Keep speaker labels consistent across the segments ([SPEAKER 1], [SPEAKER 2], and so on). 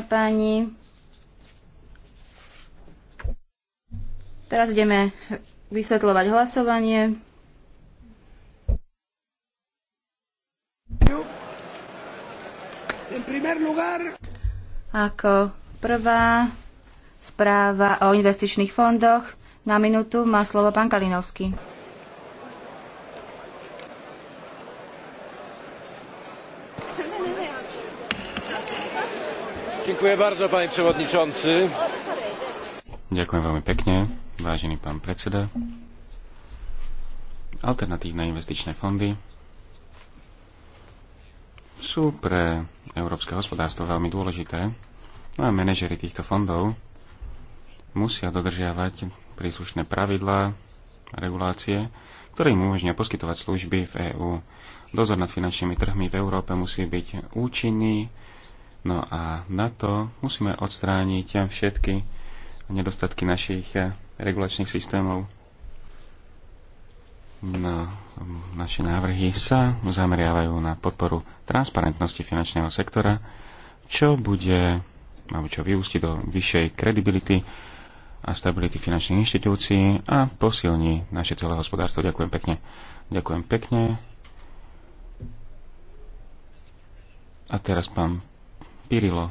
[SPEAKER 1] páni. Teraz ideme vysvetľovať hlasovanie. Ako prvá správa o investičných fondoch na minútu má slovo pán Kalinovský.
[SPEAKER 2] Ďakujem veľmi pekne, vážený pán predseda. Alternatívne investičné fondy sú pre európske hospodárstvo veľmi dôležité a manažery týchto fondov musia dodržiavať príslušné pravidlá, regulácie, ktoré im umožnia poskytovať služby v EÚ. Dozor nad finančnými trhmi v Európe musí byť účinný, No a na to musíme odstrániť všetky nedostatky našich eh, regulačných systémov. No, naše návrhy sa zameriavajú na podporu transparentnosti finančného sektora, čo bude, alebo čo vyústi do vyššej kredibility a stability finančných inštitúcií a posilní naše celé hospodárstvo. Ďakujem pekne. Ďakujem pekne. A teraz pán Pirilo.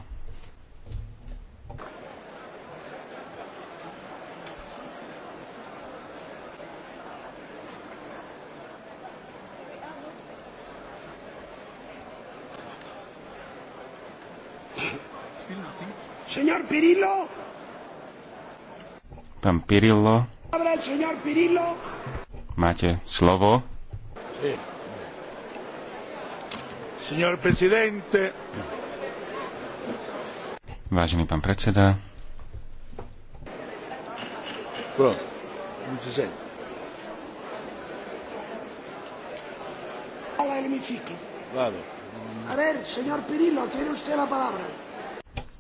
[SPEAKER 2] Señor Pirillo. Pán Pirillo. Máte slovo. Señor presidente. Vážený pán predseda.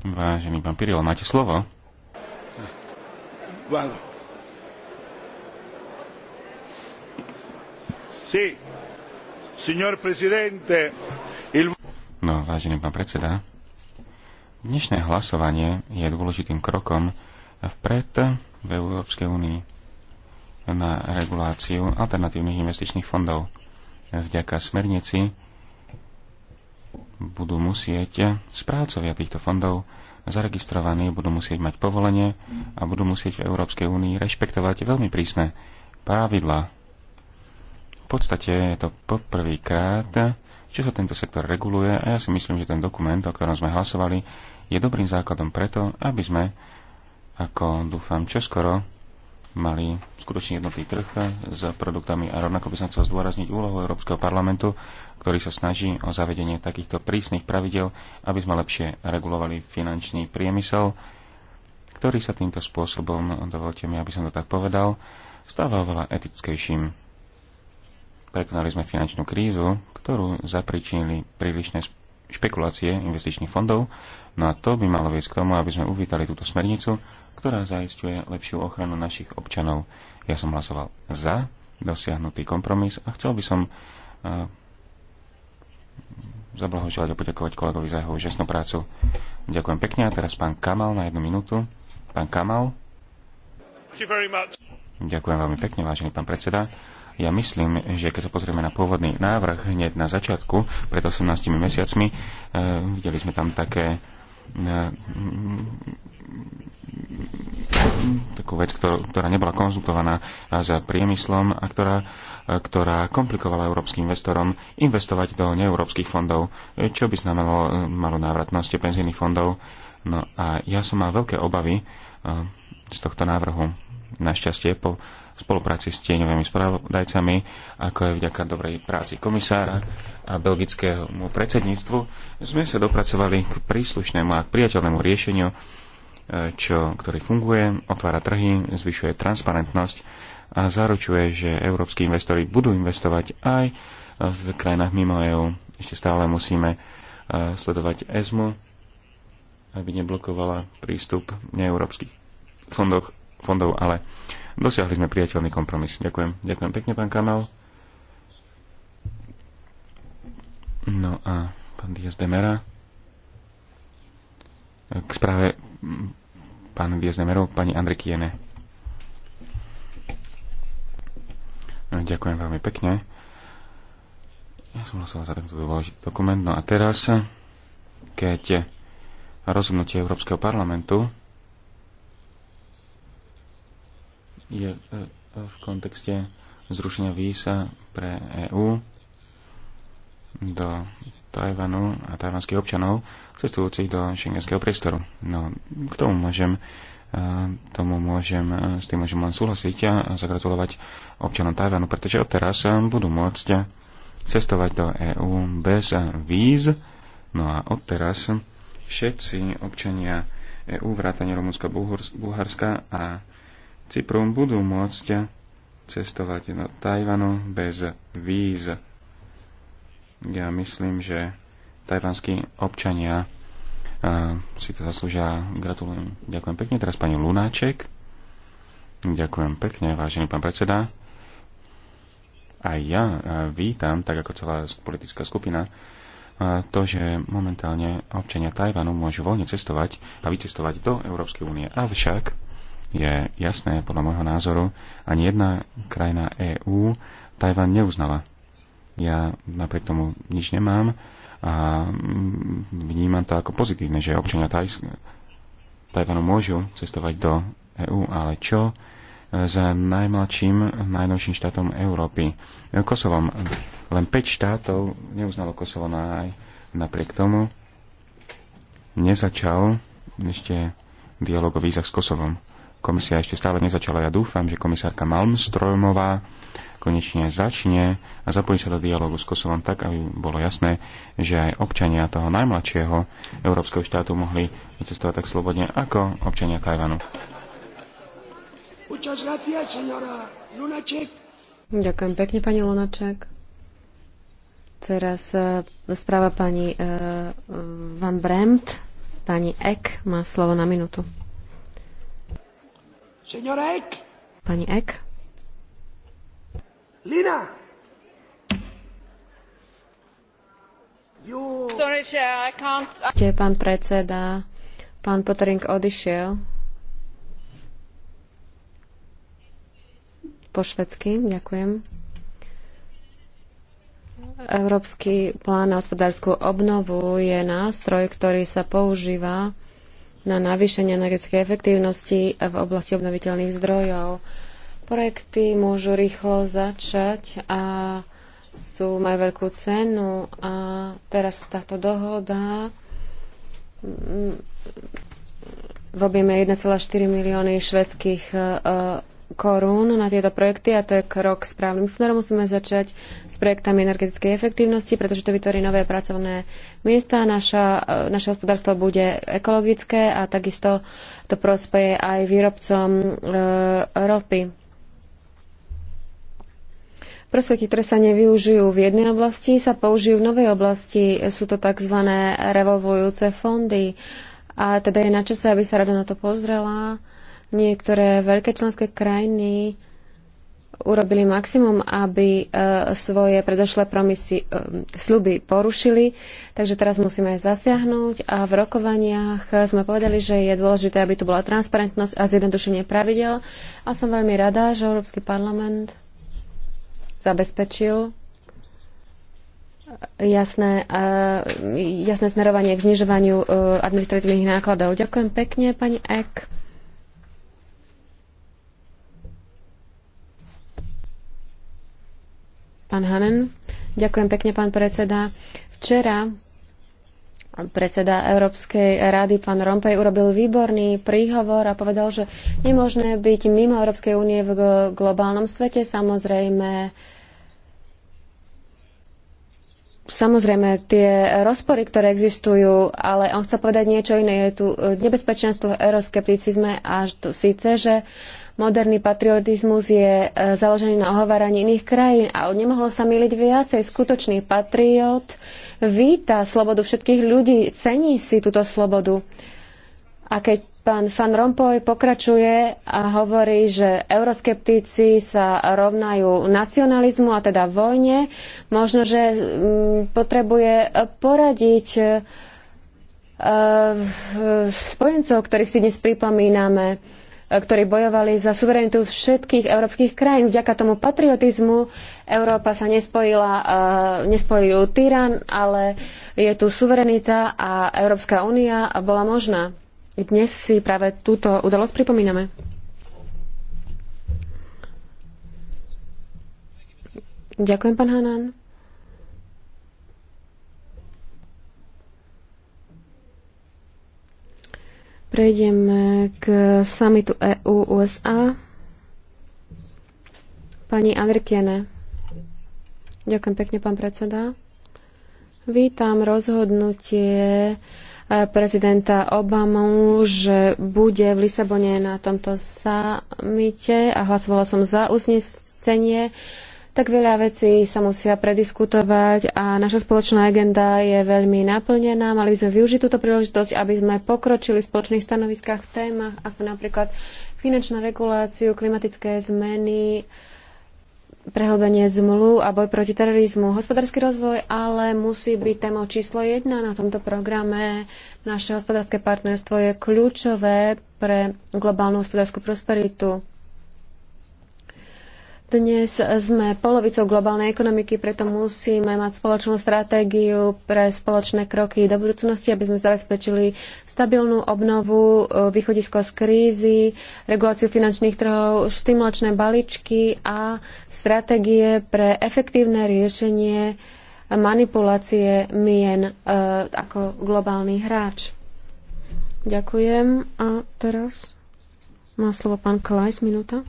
[SPEAKER 2] Vážený pán Pirilo, máte slovo? Eh,
[SPEAKER 3] vado.
[SPEAKER 1] Sí. Signor Presidente, il...
[SPEAKER 2] No, vážený pán predseda, Dnešné hlasovanie je dôležitým krokom vpred v Európskej únii na reguláciu alternatívnych investičných fondov. Vďaka smernici budú musieť správcovia týchto fondov zaregistrovaní, budú musieť mať povolenie a budú musieť v Európskej únii rešpektovať veľmi prísne pravidlá. V podstate je to poprvýkrát, či sa tento sektor reguluje a ja si myslím, že ten dokument, o ktorom sme hlasovali, je dobrým základom preto, aby sme, ako dúfam, čoskoro mali skutočne jednotný trh s produktami a rovnako by som chcel zdôrazniť úlohu Európskeho parlamentu, ktorý sa snaží o zavedenie takýchto prísnych pravidel, aby sme lepšie regulovali finančný priemysel, ktorý sa týmto spôsobom, dovolte mi, aby som to tak povedal, stáva oveľa etickejším Prekonali sme finančnú krízu, ktorú zapričinili prílišné špekulácie investičných fondov, no a to by malo viesť k tomu, aby sme uvítali túto smernicu, ktorá zaistuje lepšiu ochranu našich občanov. Ja som hlasoval za dosiahnutý kompromis a chcel by som uh, zablahoželať a poďakovať kolegovi za jeho úžasnú prácu. Ďakujem pekne a teraz pán Kamal na jednu minútu. Pán Kamal. Ďakujem veľmi pekne, vážený pán predseda. Ja myslím, že keď sa pozrieme na pôvodný návrh hneď na začiatku, pred 18 mesiacmi, eh, videli sme tam také eh, takú vec, ktorá nebola konzultovaná s priemyslom a ktorá, eh, ktorá komplikovala európskym investorom investovať do neeurópskych fondov, čo by znamenalo malú návratnosť penzijných fondov. No a ja som mal veľké obavy z tohto návrhu. Našťastie po spolupráci s tieňovými spravodajcami, ako aj vďaka dobrej práci komisára a belgickému predsedníctvu, sme sa dopracovali k príslušnému a k priateľnému riešeniu, e, čo, ktorý funguje, otvára trhy, zvyšuje transparentnosť a zaručuje, že európsky investori budú investovať aj v krajinách mimo EÚ. Ešte stále musíme e, sledovať ESMU, aby neblokovala prístup neeurópskych fondov, ale uh, Dosiahli sme priateľný kompromis. Ďakujem. Ďakujem pekne, pán Kamal. No a pán Diaz Demera. K správe mm, pán Diaz de pani pani Kiene. No, ďakujem veľmi pekne. Ja som hlasoval za tento dôležitý dokument. No a teraz, keď rozhodnutie Európskeho parlamentu je e, v kontexte zrušenia víza pre EÚ do Tajvanu a tajvanských občanov cestujúcich do šengenského priestoru. No, k tomu môžem e, tomu môžem, s tým môžem len súhlasiť a zagratulovať občanom Tajvanu, pretože odteraz budú môcť cestovať do EÚ bez víz. No a odteraz všetci občania EÚ, vrátane Rumunska, Bulharska a Cyprom budú môcť cestovať do Tajvanu bez víz. Ja myslím, že tajvanskí občania e, si to zaslúžia. Gratulujem. Ďakujem pekne. Teraz pani Lunáček. Ďakujem pekne, vážený pán predseda. A ja e, vítam, tak ako celá politická skupina, e, to, že momentálne občania Tajvanu môžu voľne cestovať a vycestovať do Európskej únie. Avšak je jasné, podľa môjho názoru, ani jedna krajina EÚ Tajvan neuznala. Ja napriek tomu nič nemám a vnímam to ako pozitívne, že občania Taj- Tajvanu môžu cestovať do EÚ, ale čo s najmladším, najnovším štátom Európy, Kosovom. Len 5 štátov neuznalo Kosovo na aj napriek tomu nezačal ešte dialog o vízach s Kosovom komisia ešte stále nezačala. Ja dúfam, že komisárka Malmstromová konečne začne a zapojí sa do dialogu s Kosovom tak, aby bolo jasné, že aj občania toho najmladšieho európskeho štátu mohli cestovať tak slobodne ako občania Tajvanu.
[SPEAKER 3] Ďakujem pekne, pani Lunaček. Teraz eh, správa pani eh, eh, Van Bremt. Pani Ek má slovo na minútu. Pani Ek. Lina. You... Sorry, pán predseda? Pán Pottering odišiel. Po švedsky, ďakujem. Európsky plán na hospodárskú obnovu je nástroj, ktorý sa používa na navýšenie energetickej efektívnosti v oblasti obnoviteľných zdrojov. Projekty môžu rýchlo začať a sú, majú veľkú cenu a teraz táto dohoda mm, v objeme 1,4 milióny švedských e, korún na tieto projekty a to je krok správnym smerom. Musíme začať s projektami energetickej efektívnosti, pretože to vytvorí nové pracovné miesta. Naša, e, naše hospodárstvo bude ekologické a takisto to prospeje aj výrobcom e, ropy. Prostriedky, ktoré sa nevyužijú v jednej oblasti, sa použijú v novej oblasti. Sú to tzv. revolvujúce fondy. A teda je na čase, aby sa rada na to pozrela Niektoré veľké členské krajiny urobili maximum, aby e, svoje predošlé promisy, e, sluby porušili, takže teraz musíme aj zasiahnuť a v rokovaniach sme povedali, že je dôležité, aby tu bola transparentnosť a zjednodušenie pravidel a som veľmi rada, že Európsky parlament zabezpečil jasné, e, jasné smerovanie k znižovaniu administratívnych nákladov. Ďakujem pekne, pani Ek. Pán Hanen. Ďakujem pekne, pán predseda. Včera predseda Európskej rady, pán Rompej, urobil výborný príhovor a povedal, že je možné byť mimo Európskej únie v globálnom svete. Samozrejme, Samozrejme, tie rozpory, ktoré existujú, ale on chce povedať niečo iné. Je tu nebezpečenstvo v euroskepticizme a to síce, že Moderný patriotizmus je e, založený na ohováraní iných krajín a nemohlo sa miliť viacej. Skutočný patriot víta slobodu všetkých ľudí, cení si túto slobodu. A keď pán Van Rompuy pokračuje a hovorí, že euroskeptici sa rovnajú nacionalizmu a teda vojne, možno, že mm, potrebuje poradiť e, spojencov, ktorých si dnes pripomíname ktorí bojovali za suverenitu všetkých európskych krajín. Vďaka tomu patriotizmu Európa sa nespojila, eh, nespojil tyran, ale je tu suverenita a Európska únia bola možná. Dnes si práve túto udalosť pripomíname. Ďakujem, pán Hanan. Prejdeme k samitu EU-USA. Pani Andrikiene. Ďakujem pekne, pán predseda. Vítam rozhodnutie eh, prezidenta Obamu, že bude v Lisabone na tomto samite a hlasovala som za uznesenie tak veľa vecí sa musia prediskutovať a naša spoločná agenda je veľmi naplnená. Mali by sme využiť túto príležitosť, aby sme pokročili v spoločných stanoviskách v témach, ako napríklad finančnú reguláciu, klimatické zmeny, prehlbenie zmlu a boj proti terorizmu. Hospodársky rozvoj ale musí byť témou číslo jedna na tomto programe. Naše hospodárske partnerstvo je kľúčové pre globálnu hospodárskú prosperitu. Dnes sme polovicou globálnej ekonomiky, preto musíme mať spoločnú stratégiu pre spoločné kroky do budúcnosti, aby sme zabezpečili stabilnú obnovu, e, východisko z krízy, reguláciu finančných trhov, stimulačné balíčky a stratégie pre efektívne riešenie manipulácie mien e, ako globálny hráč. Ďakujem. A teraz má slovo pán Klajs, minúta.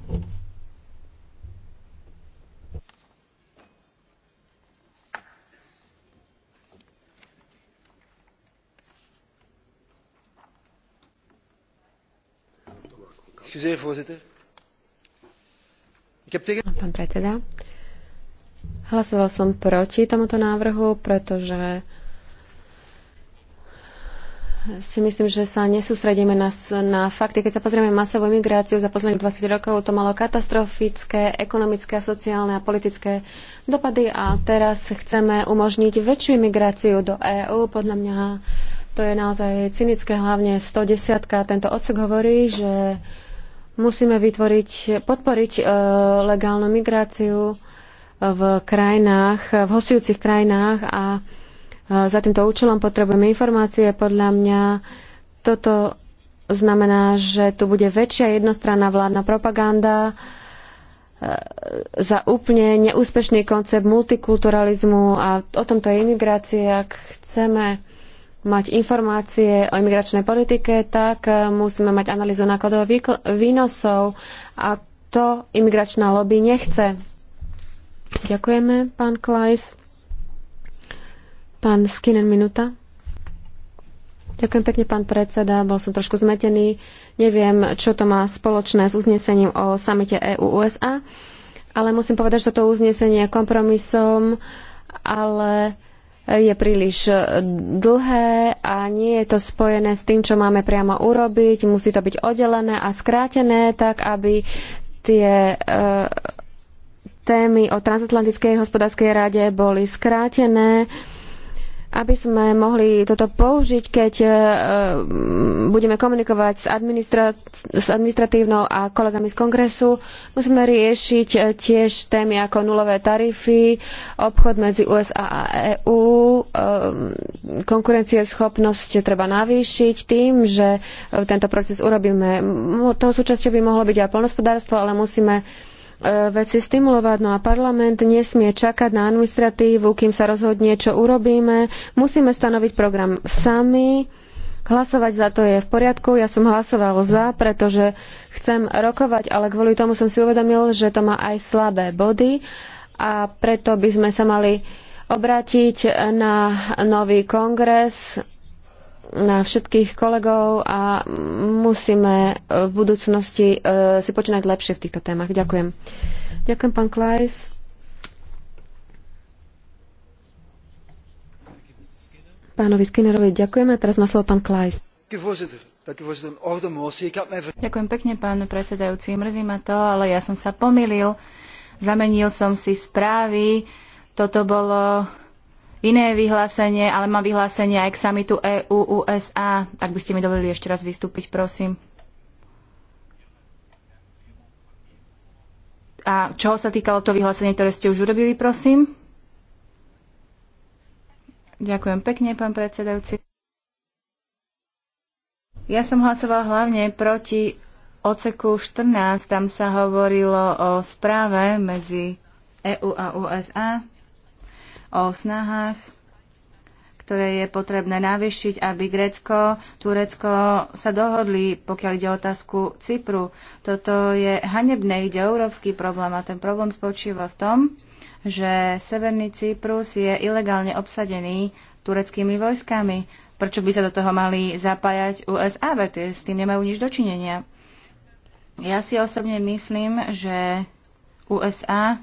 [SPEAKER 3] Pán predseda, hlasoval som proti tomuto návrhu, pretože si myslím, že sa nesústredíme na, na fakty. Keď sa pozrieme masovú imigráciu za posledných 20 rokov, to malo katastrofické ekonomické, sociálne a politické dopady a teraz chceme umožniť väčšiu imigráciu do EÚ. Podľa mňa to je naozaj cynické, hlavne 110. Tento odsek hovorí, že Musíme vytvoriť, podporiť e, legálnu migráciu e, v krajinách, v hostujúcich krajinách a e, za týmto účelom potrebujeme informácie. Podľa mňa toto znamená, že tu bude väčšia jednostranná vládna propaganda e, za úplne neúspešný koncept multikulturalizmu a o tomto je imigrácia. Ak chceme mať informácie o imigračnej politike, tak e, musíme mať analýzu nákladov výnosov a to imigračná lobby nechce. Ďakujeme, pán Klajs. Pán Skinen, minúta. Ďakujem pekne, pán predseda. Bol som trošku zmetený. Neviem, čo to má spoločné s uznesením o samite EU-USA, ale musím povedať, že toto uznesenie je kompromisom, ale je príliš dlhé a nie je to spojené s tým, čo máme priamo urobiť. Musí to byť oddelené a skrátené tak, aby tie e, témy o transatlantickej hospodárskej rade boli skrátené. E, aby sme mohli toto použiť, keď e, budeme komunikovať s, administra- s administratívnou a kolegami z kongresu. Musíme riešiť e, tiež témy ako nulové tarify, obchod medzi USA a EÚ, e, konkurencieschopnosť treba navýšiť tým, že tento proces urobíme. Toho súčasťou by mohlo byť aj poľnohospodárstvo, ale musíme E, veci stimulovať. No a parlament nesmie čakať na administratívu, kým sa rozhodne, čo urobíme. Musíme stanoviť program sami. Hlasovať za to je v poriadku. Ja som hlasoval za, pretože chcem rokovať, ale kvôli tomu som si uvedomil, že to má aj slabé body a preto by sme sa mali obrátiť na nový kongres na všetkých kolegov a musíme e, v budúcnosti e, si počínať lepšie v týchto témach. Ďakujem. Ďakujem, pán Klajs. Pánovi Skinnerovi ďakujeme. Teraz má slovo pán Klajs.
[SPEAKER 1] Ďakujem pekne, pán predsedajúci. Mrzí ma to, ale ja som sa pomýlil. Zamenil som si správy. Toto bolo iné vyhlásenie, ale mám vyhlásenie aj k samitu EU-USA. Ak by ste mi dovolili ešte raz vystúpiť, prosím. A čoho sa týkalo to vyhlásenie, ktoré ste už urobili, prosím? Ďakujem pekne, pán predsedajúci. Ja som hlasoval hlavne proti oceku 14. Tam sa hovorilo o správe medzi EU a USA o snahách, ktoré je potrebné navýšiť, aby Grécko, Turecko sa dohodli, pokiaľ ide o otázku Cypru. Toto je hanebné, ide európsky problém a ten problém spočíva v tom, že Severný Cyprus je ilegálne obsadený tureckými vojskami. Prečo by sa do toho mali zapájať USA? Veď s tým nemajú nič dočinenia. Ja si osobne myslím, že USA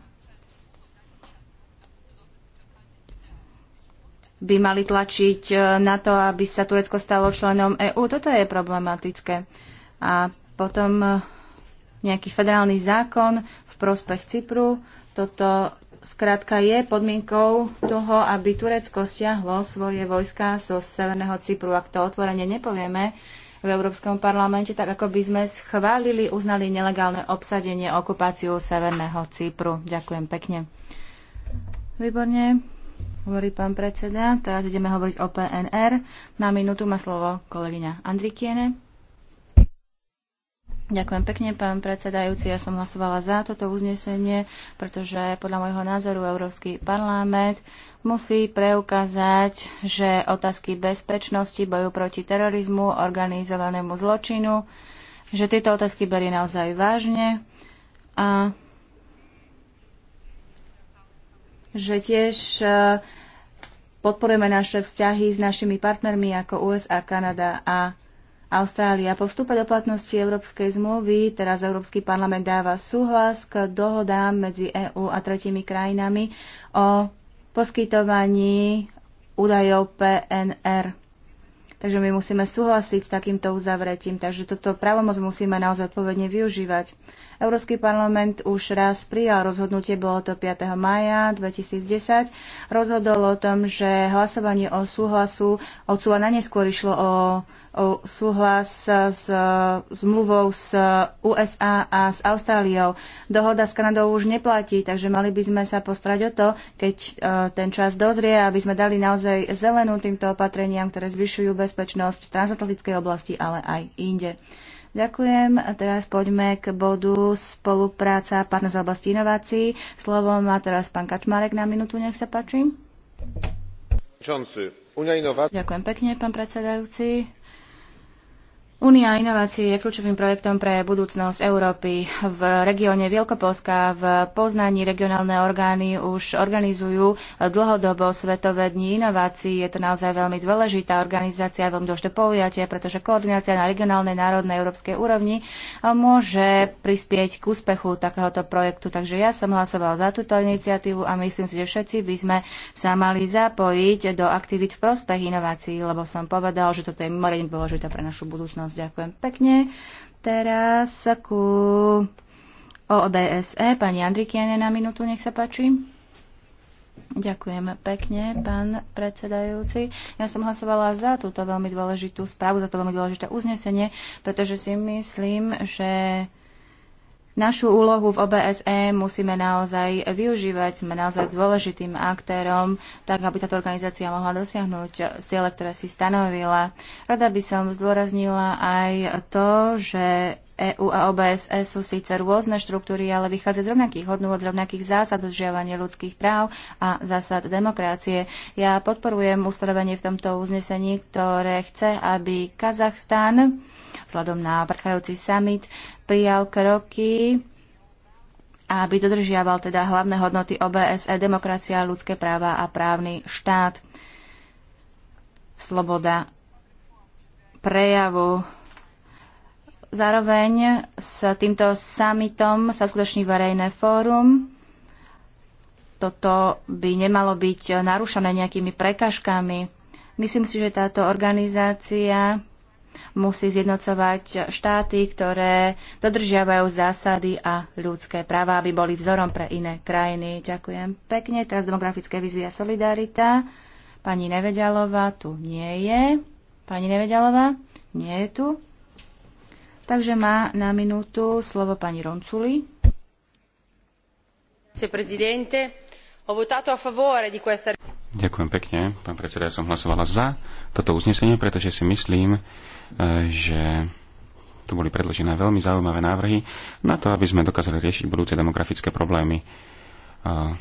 [SPEAKER 1] by mali tlačiť e, na to, aby sa Turecko stalo členom EÚ. Toto je problematické. A potom e, nejaký federálny zákon v prospech Cypru. Toto skrátka je podmienkou toho, aby Turecko stiahlo svoje vojska zo Severného Cypru. Ak to otvorene nepovieme v Európskom parlamente, tak ako by sme schválili, uznali nelegálne obsadenie, okupáciu Severného Cypru. Ďakujem pekne. Výborne hovorí pán predseda. Teraz ideme hovoriť o PNR. Na minútu má slovo kolegyňa Andrikiene. Ďakujem pekne, pán predsedajúci. Ja som hlasovala za toto uznesenie, pretože podľa môjho názoru Európsky parlament musí preukázať, že otázky bezpečnosti, boju proti terorizmu, organizovanému zločinu, že tieto otázky berie naozaj vážne a že tiež uh, podporujeme naše vzťahy s našimi partnermi ako USA, Kanada a Austrália. Po vstupe do platnosti Európskej zmluvy teraz Európsky parlament dáva súhlas k dohodám medzi EÚ a tretimi krajinami o poskytovaní údajov PNR. Takže my musíme súhlasiť s takýmto uzavretím, takže toto právomoc musíme naozaj odpovedne využívať. Európsky parlament už raz prijal rozhodnutie, bolo to 5. maja 2010, rozhodol o tom, že hlasovanie o súhlasu odsúva na neskôr išlo o, o súhlas s zmluvou s USA a s Austráliou. Dohoda s Kanadou už neplatí, takže mali by sme sa postrať o to, keď e, ten čas dozrie, aby sme dali naozaj zelenú týmto opatreniam, ktoré zvyšujú bezpečnosť v transatlantickej oblasti, ale aj inde. Ďakujem. A teraz poďme k bodu spolupráca partner z oblasti inovácií. Slovo má teraz pán Kačmarek na minútu, nech sa páči. Ďakujem pekne, pán predsedajúci. Únia inovácií je kľúčovým projektom pre budúcnosť Európy. V regióne Vielkopolska v Poznaní regionálne orgány už organizujú dlhodobo Svetové dni inovácií. Je to naozaj veľmi dôležitá organizácia, veľmi dôležité podujatie, pretože koordinácia na regionálnej, národnej, európskej úrovni môže prispieť k úspechu takéhoto projektu. Takže ja som hlasoval za túto iniciatívu a myslím si, že všetci by sme sa mali zapojiť do aktivít v prospech inovácií, lebo som povedal, že toto je mimoriadne dôležité pre našu budúcnosť pozornosť. Ďakujem pekne. Teraz ku OBSE. pani Andrikiane na minútu, nech sa páči. Ďakujem pekne, pán predsedajúci. Ja som hlasovala za túto veľmi dôležitú správu, za to veľmi dôležité uznesenie, pretože si myslím, že Našu úlohu v OBSE musíme naozaj využívať, sme naozaj dôležitým aktérom, tak aby táto organizácia mohla dosiahnuť ciele, ktoré si stanovila. Rada by som zdôraznila aj to, že EU a OBSE sú síce rôzne štruktúry, ale vychádza z rovnakých hodnôt, z rovnakých zásad dodržiavania ľudských práv a zásad demokracie. Ja podporujem ustanovenie v tomto uznesení, ktoré chce, aby Kazachstan vzhľadom na vrchajúci summit prijal kroky, aby dodržiaval teda hlavné hodnoty OBSE, demokracia, ľudské práva a právny štát, sloboda prejavu. Zároveň s týmto summitom sa skutoční verejné fórum. Toto by nemalo byť narušené nejakými prekažkami. Myslím si, že táto organizácia musí zjednocovať štáty, ktoré dodržiavajú zásady a ľudské práva, aby boli vzorom pre iné krajiny. Ďakujem pekne. Teraz demografické výzvy a solidarita. Pani Nevedialová tu nie je. Pani Nevedialová nie je tu. Takže má na minútu slovo pani Ronculi.
[SPEAKER 2] Ďakujem pekne, pán predseda, ja som hlasovala za toto uznesenie, pretože si myslím, že tu boli predložené veľmi zaujímavé návrhy na to, aby sme dokázali riešiť budúce demografické problémy.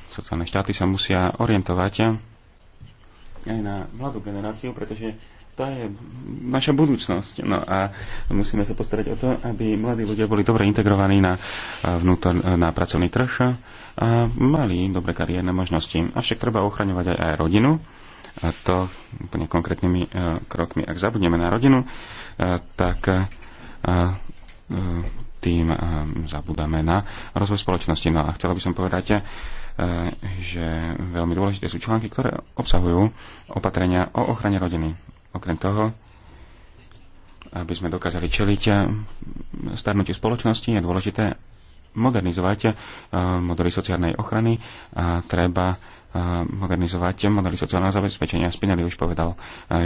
[SPEAKER 2] Sociálne štáty sa musia orientovať aj na mladú generáciu, pretože tá je naša budúcnosť. No a musíme sa postarať o to, aby mladí ľudia boli dobre integrovaní na, vnútor, na pracovný trh a mali dobre kariérne možnosti. Avšak treba ochraňovať aj, aj rodinu. A to úplne konkrétnymi e, krokmi. Ak zabudneme na rodinu, tak eh, tým eh, zabudáme na rozvoj spoločnosti. No a chcela by som povedať, eh, že veľmi dôležité sú články, ktoré obsahujú opatrenia o ochrane rodiny. Okrem toho, aby sme dokázali čeliť starnutiu spoločnosti, je dôležité modernizovať modely sociálnej ochrany a treba modernizovať modely sociálneho zabezpečenia. Spinelli už povedal,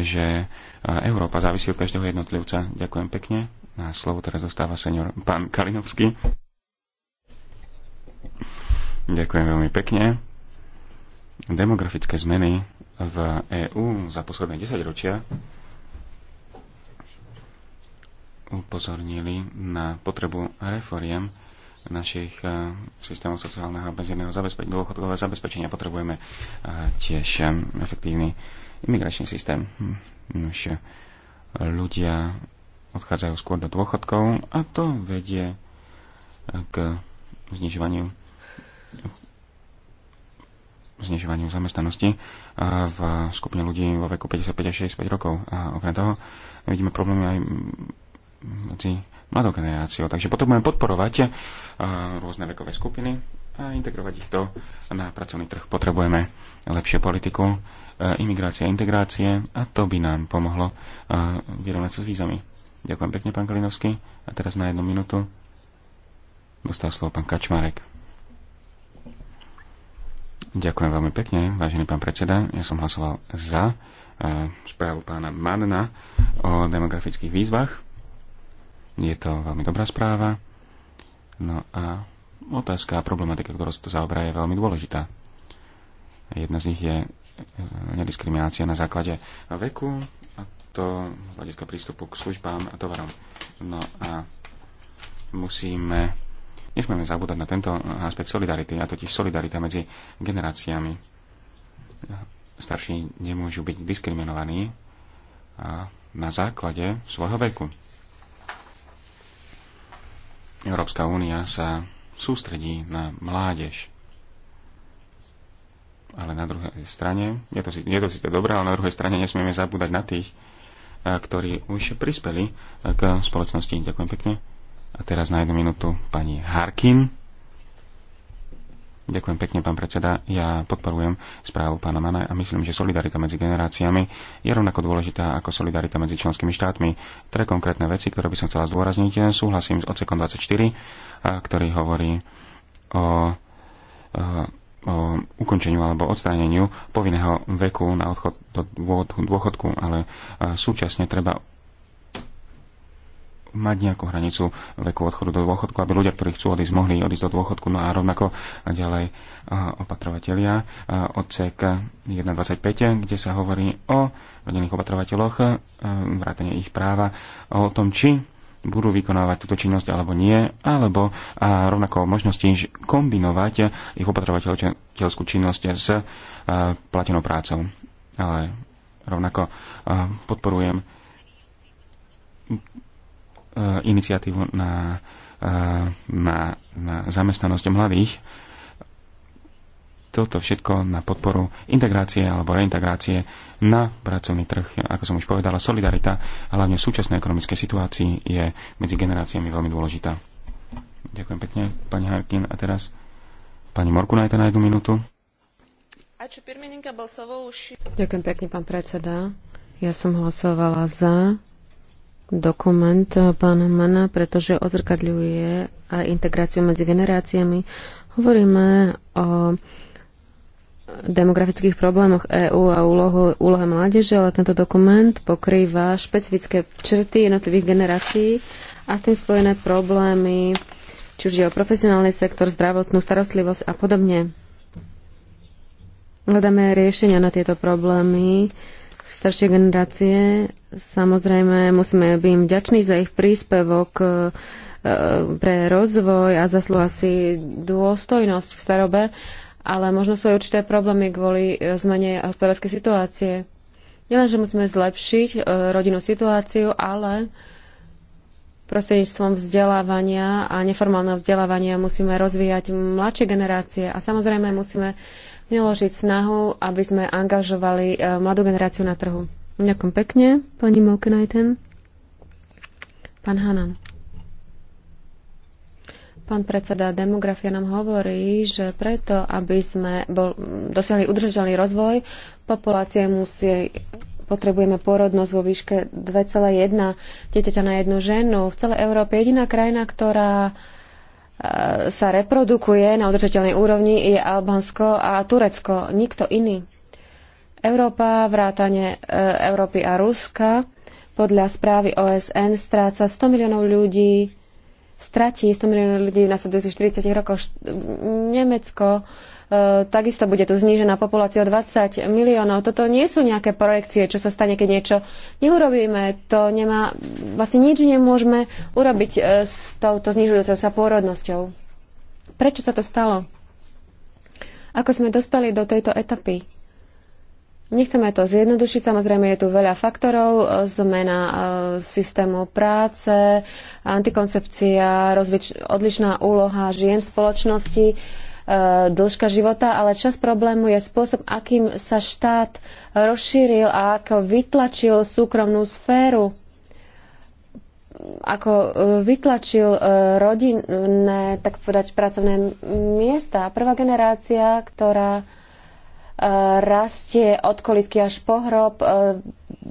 [SPEAKER 2] že Európa závisí od každého jednotlivca. Ďakujem pekne. A slovo teraz zostáva senior pán Kalinovský. Ďakujem veľmi pekne. Demografické zmeny v EÚ za posledné 10 ročia upozornili na potrebu reforiem našich eh, systémov sociálneho a penzijného zabezpe- dôchodkového zabezpečenia potrebujeme eh, tiež eh, efektívny imigračný systém. Už hm, ľudia odchádzajú skôr do dôchodkov a to vedie k znižovaniu znižovaniu zamestnanosti v skupine ľudí vo veku 55 až 65 rokov. A okrem toho vidíme problémy aj hm, medzi mladou generáciou. Takže potrebujeme podporovať eh, rôzne vekové skupiny a integrovať ich to na pracovný trh. Potrebujeme lepšie politiku, eh, imigrácie a integrácie a to by nám pomohlo eh, vyrovnať sa s vízami. Ďakujem pekne, pán Kalinovský. A teraz na jednu minútu dostal slovo pán Kačmarek. Ďakujem veľmi pekne, vážený pán predseda. Ja som hlasoval za správu pána Madna o demografických výzvach je to veľmi dobrá správa. No a otázka a problematika, ktorá sa to zaoberá, je veľmi dôležitá. Jedna z nich je e, nediskriminácia na základe veku, a to z hľadiska prístupu k službám a tovarom. No a musíme, nesmieme zabúdať na tento aspekt solidarity, a totiž solidarita medzi generáciami. Starší nemôžu byť diskriminovaní na základe svojho veku. Európska únia sa sústredí na mládež. Ale na druhej strane, je to, je to síce dobré, ale na druhej strane nesmieme zabúdať na tých, eh, ktorí už prispeli eh, k spoločnosti. Ďakujem pekne. A teraz na jednu minútu pani Harkin. Ďakujem pekne, pán predseda. Ja podporujem správu pána Mana a myslím, že solidarita medzi generáciami je rovnako dôležitá ako solidarita medzi členskými štátmi. Tre konkrétne veci, ktoré by som chcela zdôrazniť, súhlasím s ocekom 24, ktorý hovorí o, o, o ukončeniu alebo odstráneniu povinného veku na odchod do dôchodku, ale súčasne treba mať nejakú hranicu veku odchodu do dôchodku, aby ľudia, ktorí chcú odísť, mohli odísť do dôchodku. No a rovnako ďalej opatrovateľia, odsek 1.25, kde sa hovorí o rodinných opatrovateľoch, vrátane ich práva, o tom, či budú vykonávať túto činnosť alebo nie, alebo a rovnako možnosti kombinovať ich opatrovateľskú činnosť s platenou prácou. Ale rovnako podporujem Eh, iniciatívu na, eh, na, na zamestnanosť mladých. Toto všetko na podporu integrácie alebo reintegrácie na pracovný trh. Ako som už povedala, solidarita, hlavne v súčasnej ekonomickej situácii, je medzi generáciami veľmi dôležitá. Ďakujem pekne, pani Harkin. A teraz
[SPEAKER 3] pani Morku najte na jednu minútu. Ďakujem pekne, pán predseda. Ja som hlasovala za dokument eh, pána Mana, pretože odzrkadľuje aj integráciu medzi generáciami. Hovoríme o demografických problémoch EÚ a úlohu, úlohe mládeže, ale tento dokument pokrýva špecifické črty jednotlivých generácií a s tým spojené problémy, či už je o profesionálny sektor, zdravotnú starostlivosť a podobne. Hľadáme riešenia na tieto problémy staršie generácie. Samozrejme, musíme byť im vďační za ich príspevok e, e, pre rozvoj a zaslúha si dôstojnosť v starobe, ale možno sú aj určité problémy kvôli e, zmene hospodárskej situácie. Nielenže musíme zlepšiť rodinnú situáciu, ale prostredníctvom vzdelávania a neformálneho vzdelávania musíme rozvíjať mladšie generácie a samozrejme musíme vynaložiť snahu, aby sme angažovali e, mladú generáciu na trhu. Ďakujem pekne, pani Mokenajten. Pán Hanan. Pán predseda, demografia nám hovorí, že preto, aby sme bol, dosiahli udržateľný rozvoj, populácie musí potrebujeme porodnosť vo výške 2,1 dieťaťa na jednu ženu. V celej Európe jediná krajina, ktorá uh, E, sa reprodukuje na udržateľnej úrovni je Albánsko a Turecko, nikto iný. Európa, vrátane e, Európy a Ruska, podľa správy OSN stráca 100 miliónov ľudí, stratí 100 miliónov ľudí v nasledujúcich 40 rokoch. Nemecko E, takisto bude tu znížená populácia o 20 miliónov. Toto nie sú nejaké projekcie, čo sa stane, keď niečo neurobíme. To nemá, vlastne nič nemôžeme urobiť e, s touto znižujúcou sa pôrodnosťou. Prečo sa to stalo? Ako sme dospeli do tejto etapy? Nechceme to zjednodušiť, samozrejme je tu veľa faktorov, e, zmena systému práce, antikoncepcia, rozlič, odlišná úloha žien v spoločnosti. E, dĺžka života, ale čas problému je spôsob, akým sa štát rozšíril a ako vytlačil súkromnú sféru ako e, vytlačil e, rodinné, tak povedať, pracovné miesta. Prvá generácia, ktorá rastie od kolisky až po hrob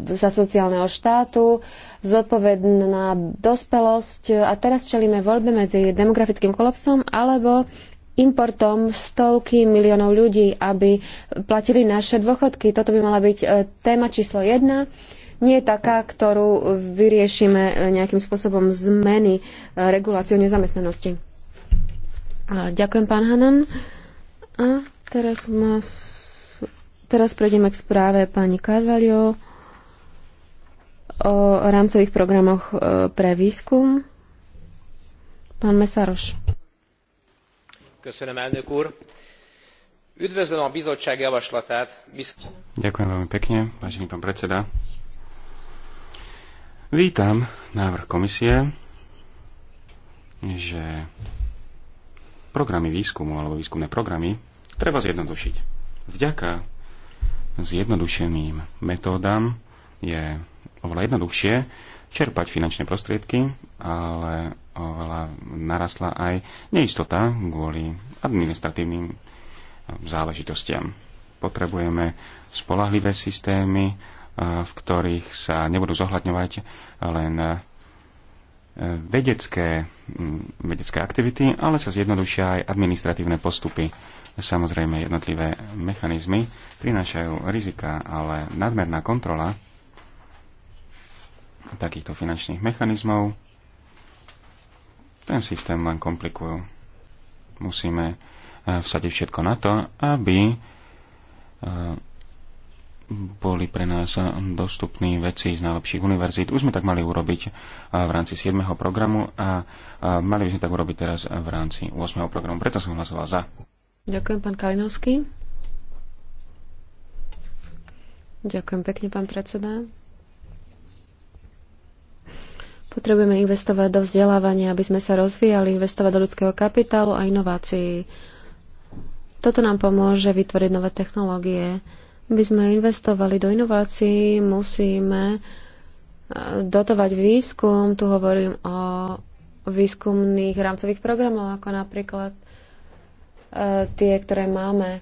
[SPEAKER 3] za sociálneho štátu, zodpovedná dospelosť a teraz čelíme voľbe medzi demografickým kolapsom alebo importom stovky miliónov ľudí, aby platili naše dôchodky. Toto by mala byť e, téma číslo jedna. Nie je taká, ktorú vyriešime e, nejakým spôsobom zmeny e, reguláciou nezamestnanosti. A ďakujem, pán Hanan. A teraz, má... teraz prejdeme k správe pani Carvalho o rámcových programoch pre výskum. Pán Mesaroš üdvözlöm a bizottság javaslatát
[SPEAKER 2] Ďakujem veľmi pekne, pán predseda. Vítam návrh komisie, že programy výskumu alebo výskumné programy treba zjednodušiť. Vďaka zjednodušeným metódam je oveľa jednoduchšie čerpať finančné prostriedky, ale oveľa narastla aj neistota kvôli administratívnym eh, záležitostiam. Potrebujeme spolahlivé systémy, eh, v ktorých sa nebudú zohľadňovať len eh, vedecké, hm, vedecké aktivity, ale sa zjednodušia aj administratívne postupy. Samozrejme, jednotlivé mechanizmy prinášajú rizika, ale nadmerná kontrola takýchto finančných mechanizmov ten systém len komplikujú. Musíme eh, vsadiť všetko na to, aby eh, boli pre nás dostupní veci z najlepších univerzít. Už sme tak mali urobiť eh, v rámci 7. programu a mali by sme tak urobiť teraz v rámci 8. programu. Preto som hlasoval za.
[SPEAKER 3] Ďakujem, pán Kalinovský. Ďakujem pekne, pán predseda. Potrebujeme investovať do vzdelávania, aby sme sa rozvíjali, investovať do ľudského kapitálu a inovácií. Toto nám pomôže vytvoriť nové technológie. Aby sme investovali do inovácií, musíme e, dotovať výskum. Tu hovorím o výskumných rámcových programov, ako napríklad e, tie, ktoré máme e,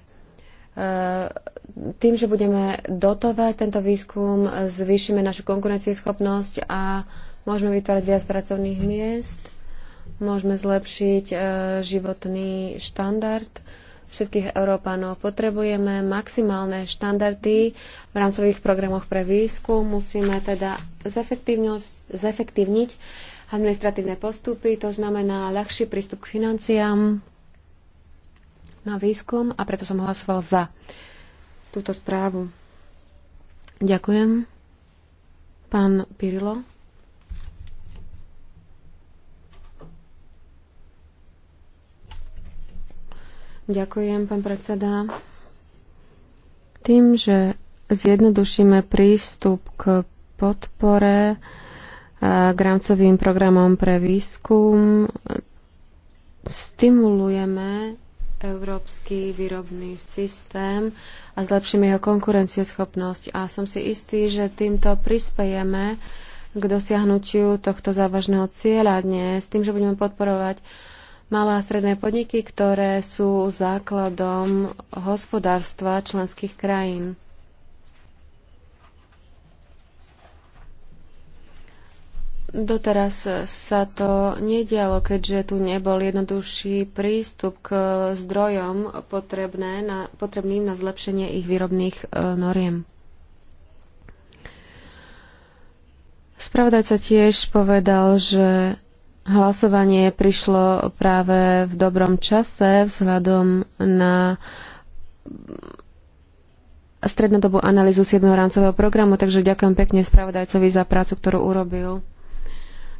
[SPEAKER 3] tým, že budeme dotovať tento výskum, zvýšime našu konkurencieschopnosť a Môžeme vytvárať viac pracovných miest, môžeme zlepšiť e, životný štandard všetkých Európanov. Potrebujeme maximálne štandardy v rámcových programoch pre výskum. Musíme teda zefektívniť administratívne postupy, to znamená ľahší prístup k financiám na výskum a preto som hlasoval za túto správu. Ďakujem. Pán Pirilo. Ďakujem, pán predseda. Tým, že zjednodušíme prístup k podpore e, k rámcovým programom pre výskum, stimulujeme európsky výrobný systém a zlepšíme jeho konkurencieschopnosť. A som si istý, že týmto prispejeme k dosiahnutiu tohto závažného cieľa dnes, tým, že budeme podporovať uh, malé a stredné podniky, ktoré sú základom hospodárstva členských krajín. Doteraz sa to nedialo, keďže tu nebol jednoduchší prístup k zdrojom potrebné na, potrebným na zlepšenie ich výrobných e, noriem. Spravodajca tiež povedal, že Hlasovanie prišlo práve v dobrom čase vzhľadom na strednodobú analýzu 7. rámcového programu, takže ďakujem pekne spravodajcovi za prácu, ktorú urobil.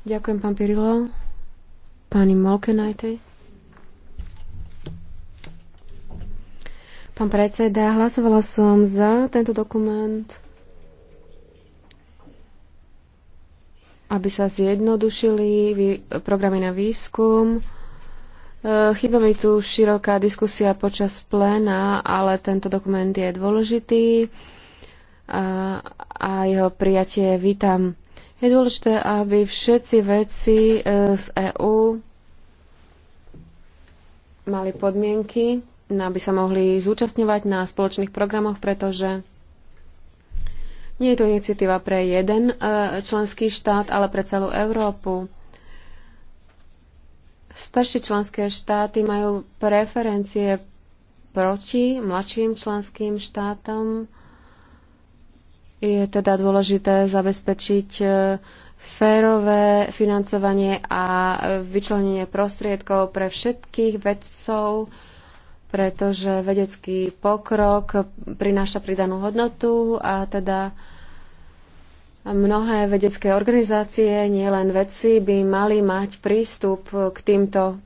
[SPEAKER 3] Ďakujem, pán Pirilo. Pani Molkenajtej. Pán predseda, hlasovala som za tento dokument. aby sa zjednodušili programy na výskum. E, Chyba mi tu široká diskusia počas pléna, ale tento dokument je dôležitý a, a jeho prijatie vítam. Je dôležité, aby všetci veci e, z EÚ mali podmienky, aby sa mohli zúčastňovať na spoločných programoch, pretože nie je to iniciatíva pre jeden e, členský štát, ale pre celú Európu. Staršie členské štáty majú preferencie proti mladším členským štátom. Je teda dôležité zabezpečiť e, férové financovanie a e, vyčlenenie prostriedkov pre všetkých vedcov, pretože vedecký pokrok prináša pridanú hodnotu a teda mnohé vedecké organizácie, nielen vedci, by mali mať prístup k týmto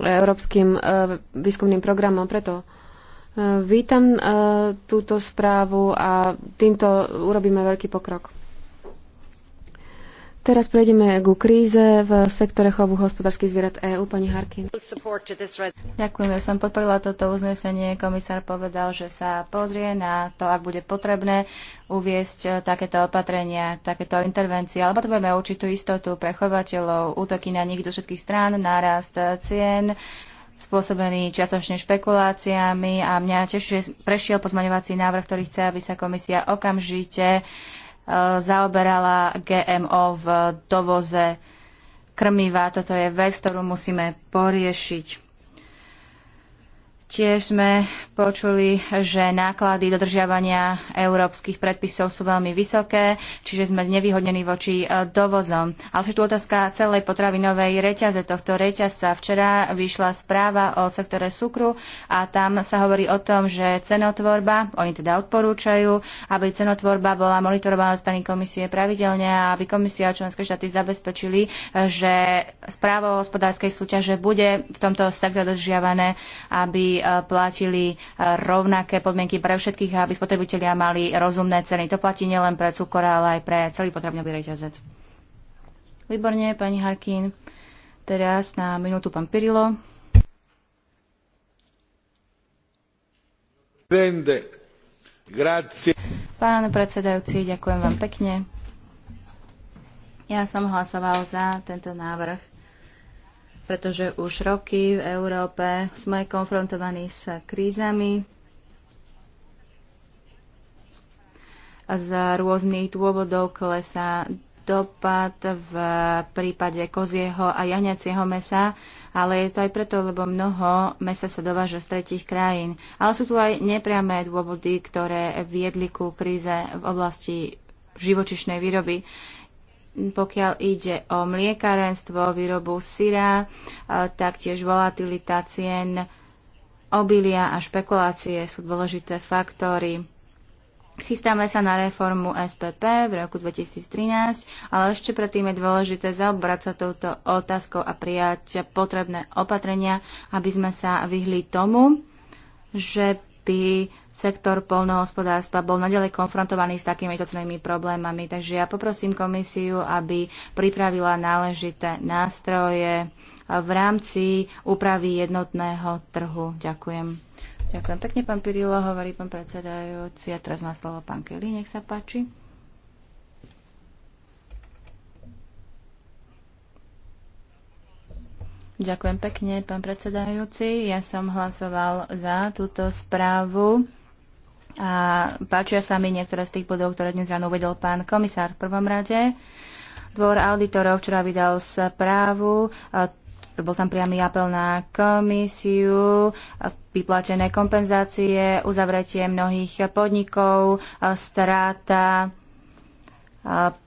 [SPEAKER 3] európskym e, výskumným programom. Preto e, vítam e, túto správu a týmto urobíme veľký pokrok. Teraz prejdeme ku kríze v sektore chovu hospodárskych zvierat EÚ. Pani Harkin.
[SPEAKER 1] Ďakujem, ja som podporila toto uznesenie. Komisár povedal, že sa pozrie na to, ak bude potrebné uviesť eh, takéto opatrenia, takéto intervencie, to budeme určitú istotu pre chovateľov, útoky na nich do všetkých strán, nárast eh, cien, spôsobený čiastočne špekuláciami a mňa tiež prešiel pozmaňovací návrh, ktorý chce, aby sa komisia okamžite uh, Eh, zaoberala GMO v dovoze krmiva. Toto je vec, ktorú musíme poriešiť. Tiež sme počuli, že náklady dodržiavania európskych predpisov sú veľmi vysoké, čiže sme znevýhodnení voči e, dovozom. Ale je tu otázka celej potravinovej reťaze. Tohto reťazca včera vyšla správa o sektore cukru a tam sa hovorí o tom, že cenotvorba, oni teda odporúčajú, aby cenotvorba bola monitorovaná z strany komisie pravidelne a aby komisia a členské štáty zabezpečili, že správa o hospodárskej súťaže bude v tomto sektore dodržiavané, aby platili rovnaké podmienky pre všetkých a aby spotrebitelia mali rozumné ceny. To platí nielen pre cukor, ale aj pre celý potrebný reťazec. Výborne, pani Harkin. Teraz na minútu pán Pirilo. Pán predsedajúci, ďakujem vám pekne. Ja som hlasoval za tento návrh pretože už roky v Európe sme konfrontovaní s krízami a z rôznych dôvodov klesá dopad v prípade kozieho a janiacieho mesa, ale je to aj preto, lebo mnoho mesa sa dováža z tretich krajín. Ale sú tu aj nepriamé dôvody, ktoré viedli ku kríze v oblasti živočišnej výroby pokiaľ ide o mliekarenstvo, výrobu syra, e, taktiež volatilita cien obilia a špekulácie sú dôležité faktory. Chystáme sa na reformu SPP v roku 2013, ale ešte predtým je dôležité zaobrať sa touto otázkou a prijať potrebné opatrenia, aby sme sa vyhli tomu, že by sektor polnohospodárstva bol nadalej konfrontovaný s takýmito cenými problémami. Takže ja poprosím komisiu, aby pripravila náležité nástroje v rámci úpravy jednotného trhu. Ďakujem. Ďakujem pekne, pán Pirilo, hovorí pán predsedajúci. A teraz má slovo pán Kelly, nech sa páči. Ďakujem pekne, pán predsedajúci. Ja som hlasoval za túto správu. A páčia sa mi niektoré z tých bodov, ktoré dnes ráno uvedol pán komisár v prvom rade. Dvor auditorov včera vydal správu, bol tam priamy apel na komisiu, vyplatené kompenzácie, uzavretie mnohých podnikov, strata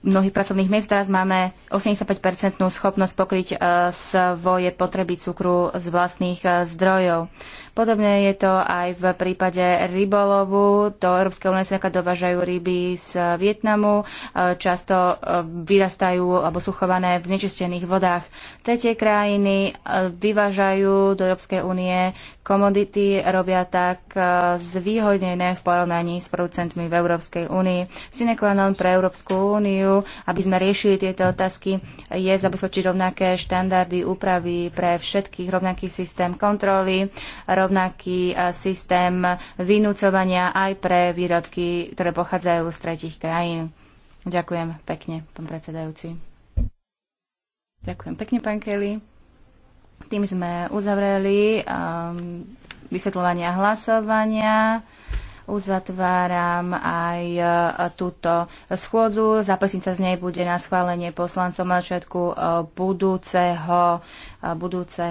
[SPEAKER 1] mnohých pracovných miest. Teraz máme 85-percentnú schopnosť pokryť e, svoje potreby cukru z vlastných e, zdrojov. Podobne je to aj v prípade rybolovu. Do Európskej únie sa dovážajú ryby z Vietnamu. E, často vyrastajú alebo sú chované v nečistených vodách. Tretie krajiny vyvážajú do Európskej únie komodity, robia tak zvýhodnené v porovnaní s producentmi v Európskej únii. Sineklenom pre Európsku úniu, aby sme riešili tieto otázky, je zabezpečiť rovnaké štandardy úpravy pre všetkých, rovnaký systém kontroly, rovnaký eh, systém vynúcovania aj pre výrobky, ktoré pochádzajú z tretich krajín. Ďakujem pekne, pán predsedajúci. Ďakujem pekne, pán Kelly. Tým sme uzavreli um, ehm, vysvetľovania hlasovania. Uzatváram aj e, túto schôdzu. Zapisnica z nej bude na schválenie poslancom na začiatku e, budúceho, e, budúceho